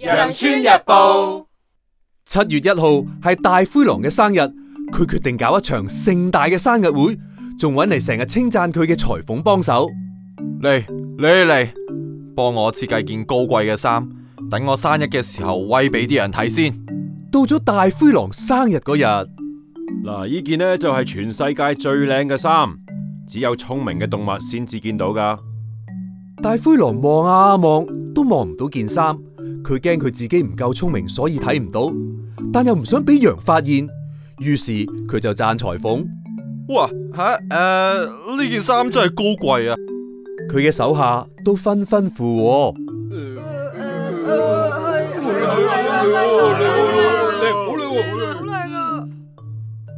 《羊村日報》七月一號係大灰狼嘅生日，佢決定搞一場盛大嘅生日會，仲搵嚟成日稱讚佢嘅裁縫幫手。嚟，你嚟，幫我設計件高貴嘅衫，等我生日嘅時候威俾啲人睇先。到咗大灰狼生日嗰日，嗱，呢件呢就係全世界最靚嘅衫，只有聰明嘅動物先至見到噶。大灰狼望啊望，都望唔到件衫。佢驚佢自己唔夠聰明，所以睇唔到，但又唔想俾羊發現，於是佢就讚裁縫：哇吓，誒呢件衫真係高貴啊！佢嘅手下都紛紛附和。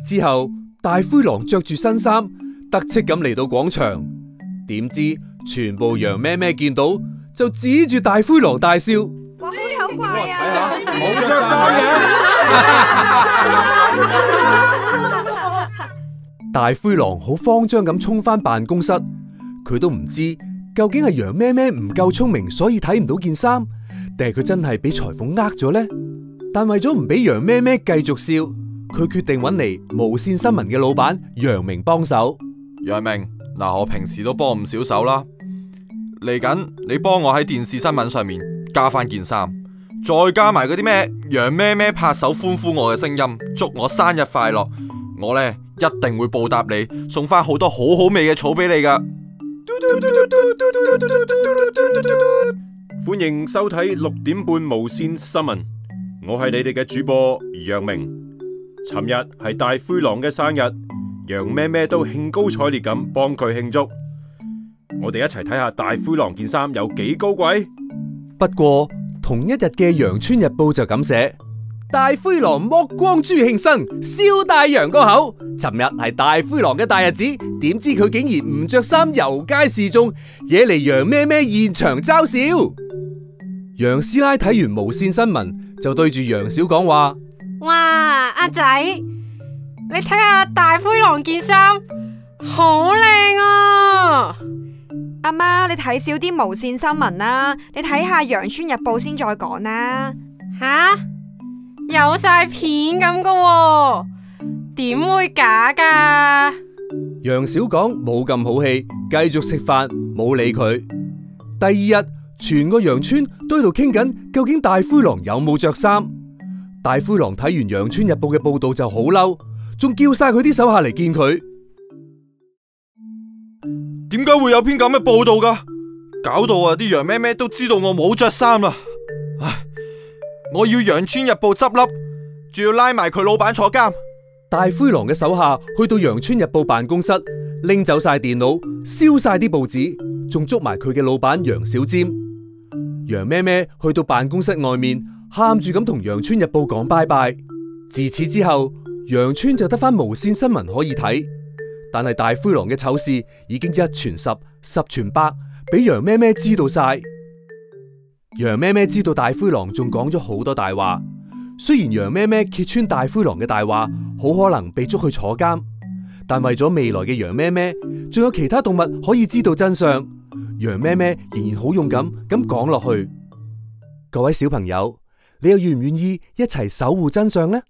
之後大灰狼着住新衫，得戚咁嚟到廣場，點知全部羊咩咩見到就指住大灰狼大笑。我好醜怪呀！冇着衫嘅。大灰狼好慌張咁衝翻辦公室，佢都唔知究竟係羊咩咩唔夠聰明所以睇唔到件衫，定係佢真係俾裁縫呃咗呢？但為咗唔俾羊咩咩繼續笑，佢決定搵嚟無線新聞嘅老闆楊明幫手。楊明，嗱，我平時都幫唔少手啦，嚟緊你幫我喺電視新聞上面。加翻件衫，再加埋嗰啲咩？羊咩咩拍手歡呼我嘅聲音，祝我生日快樂！我呢，一定會報答你，送翻好多好好味嘅草俾你㗎。歡迎收睇六點半無綫新聞，我係你哋嘅主播楊明。尋日係大灰狼嘅生日，羊咩咩都興高采烈咁幫佢慶祝。我哋一齊睇下大灰狼件衫有幾高貴。不過同一日嘅《羊村日報》就咁寫：大灰狼剝光豬慶生燒大羊個口。尋日係大灰狼嘅大日子，點知佢竟然唔着衫遊街示眾，惹嚟羊咩咩現場嘲笑。楊師奶睇完無綫新聞，就對住楊小講話：哇，阿仔，你睇下大灰狼件衫，好靚！阿媽，你睇少啲無線新聞啦，你睇下《羊村日報》先再講啦。吓，有晒片咁㗎喎，點會假噶？楊小港冇咁好氣，繼續食飯，冇理佢。第二日，全個羊村都喺度傾緊，究竟大灰狼有冇着衫？大灰狼睇完《羊村日報》嘅報道就好嬲，仲叫晒佢啲手下嚟見佢。點解會有篇咁嘅報道噶？搞到啊，啲羊咩咩都知道我冇着衫啊。唉，我要羊村日報執笠，仲要拉埋佢老闆坐監。大灰狼嘅手下去到羊村日報辦公室，拎走晒電腦，燒晒啲報紙，仲捉埋佢嘅老闆楊小尖。羊咩咩去到辦公室外面，喊住咁同羊村日報講拜拜。自此之後，羊村就得返無綫新聞可以睇。但係大灰狼嘅醜事已經一傳十，十傳百，俾羊咩咩知道晒。羊咩咩知道大灰狼仲講咗好多大話，雖然羊咩咩揭穿大灰狼嘅大話，好可能被捉去坐監，但為咗未來嘅羊咩咩，仲有其他動物可以知道真相，羊咩咩仍然好勇敢咁講落去。各位小朋友，你又願唔願意一齊守護真相呢？